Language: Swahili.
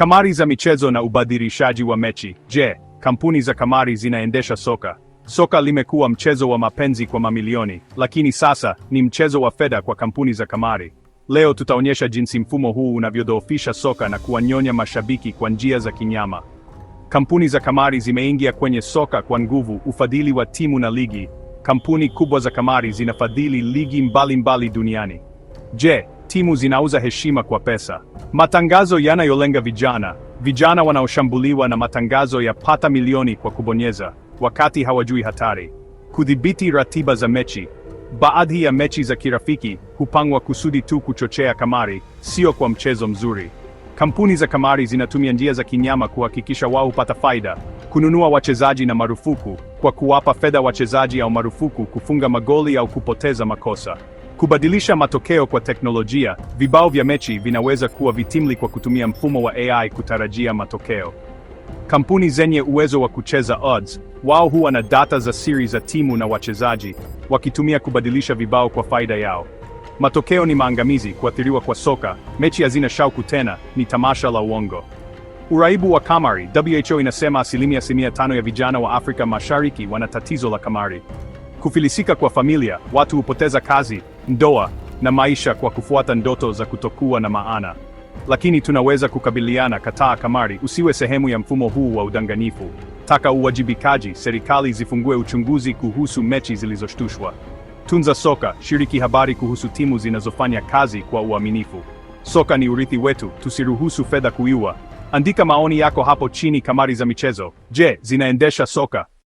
Kamari za michezo na ubadhirishaji wa mechi. Je, kampuni za kamari zinaendesha soka? Soka limekuwa mchezo wa mapenzi kwa mamilioni, lakini sasa ni mchezo wa fedha kwa kampuni za kamari. Leo tutaonyesha jinsi mfumo huu unavyodhoofisha soka na kuwanyonya mashabiki kwa njia za kinyama. Kampuni za kamari zimeingia kwenye soka kwa nguvu, ufadhili wa timu na ligi. Kampuni kubwa za kamari zinafadhili ligi mbalimbali mbali duniani. Je, timu zinauza heshima kwa pesa. Matangazo yanayolenga vijana, vijana wanaoshambuliwa na matangazo ya pata milioni kwa kubonyeza, wakati hawajui hatari. Kudhibiti ratiba za mechi. Baadhi ya mechi za kirafiki hupangwa kusudi tu kuchochea kamari, sio kwa mchezo mzuri. Kampuni za kamari zinatumia njia za kinyama kuhakikisha wao hupata faida, kununua wachezaji na marufuku kwa kuwapa fedha wachezaji au marufuku kufunga magoli au kupoteza makosa. Kubadilisha matokeo kwa teknolojia. Vibao vya mechi vinaweza kuwa vitimli kwa kutumia mfumo wa AI kutarajia matokeo. Kampuni zenye uwezo wa kucheza odds, wao huwa na data za siri za timu na wachezaji, wakitumia kubadilisha vibao kwa faida yao. Matokeo ni maangamizi, kuathiriwa kwa soka, mechi hazina shauku tena, ni tamasha la uongo. Uraibu wa kamari. WHO inasema asilimia 5 ya vijana wa Afrika Mashariki wana tatizo la kamari. Kufilisika kwa familia, watu hupoteza kazi, ndoa na maisha kwa kufuata ndoto za kutokuwa na maana. Lakini tunaweza kukabiliana. Kataa kamari, usiwe sehemu ya mfumo huu wa udanganyifu. Taka uwajibikaji, serikali zifungue uchunguzi kuhusu mechi zilizoshtushwa. Tunza soka, shiriki habari kuhusu timu zinazofanya kazi kwa uaminifu. Soka ni urithi wetu, tusiruhusu fedha kuiua. Andika maoni yako hapo chini. Kamari za michezo, je, zinaendesha soka?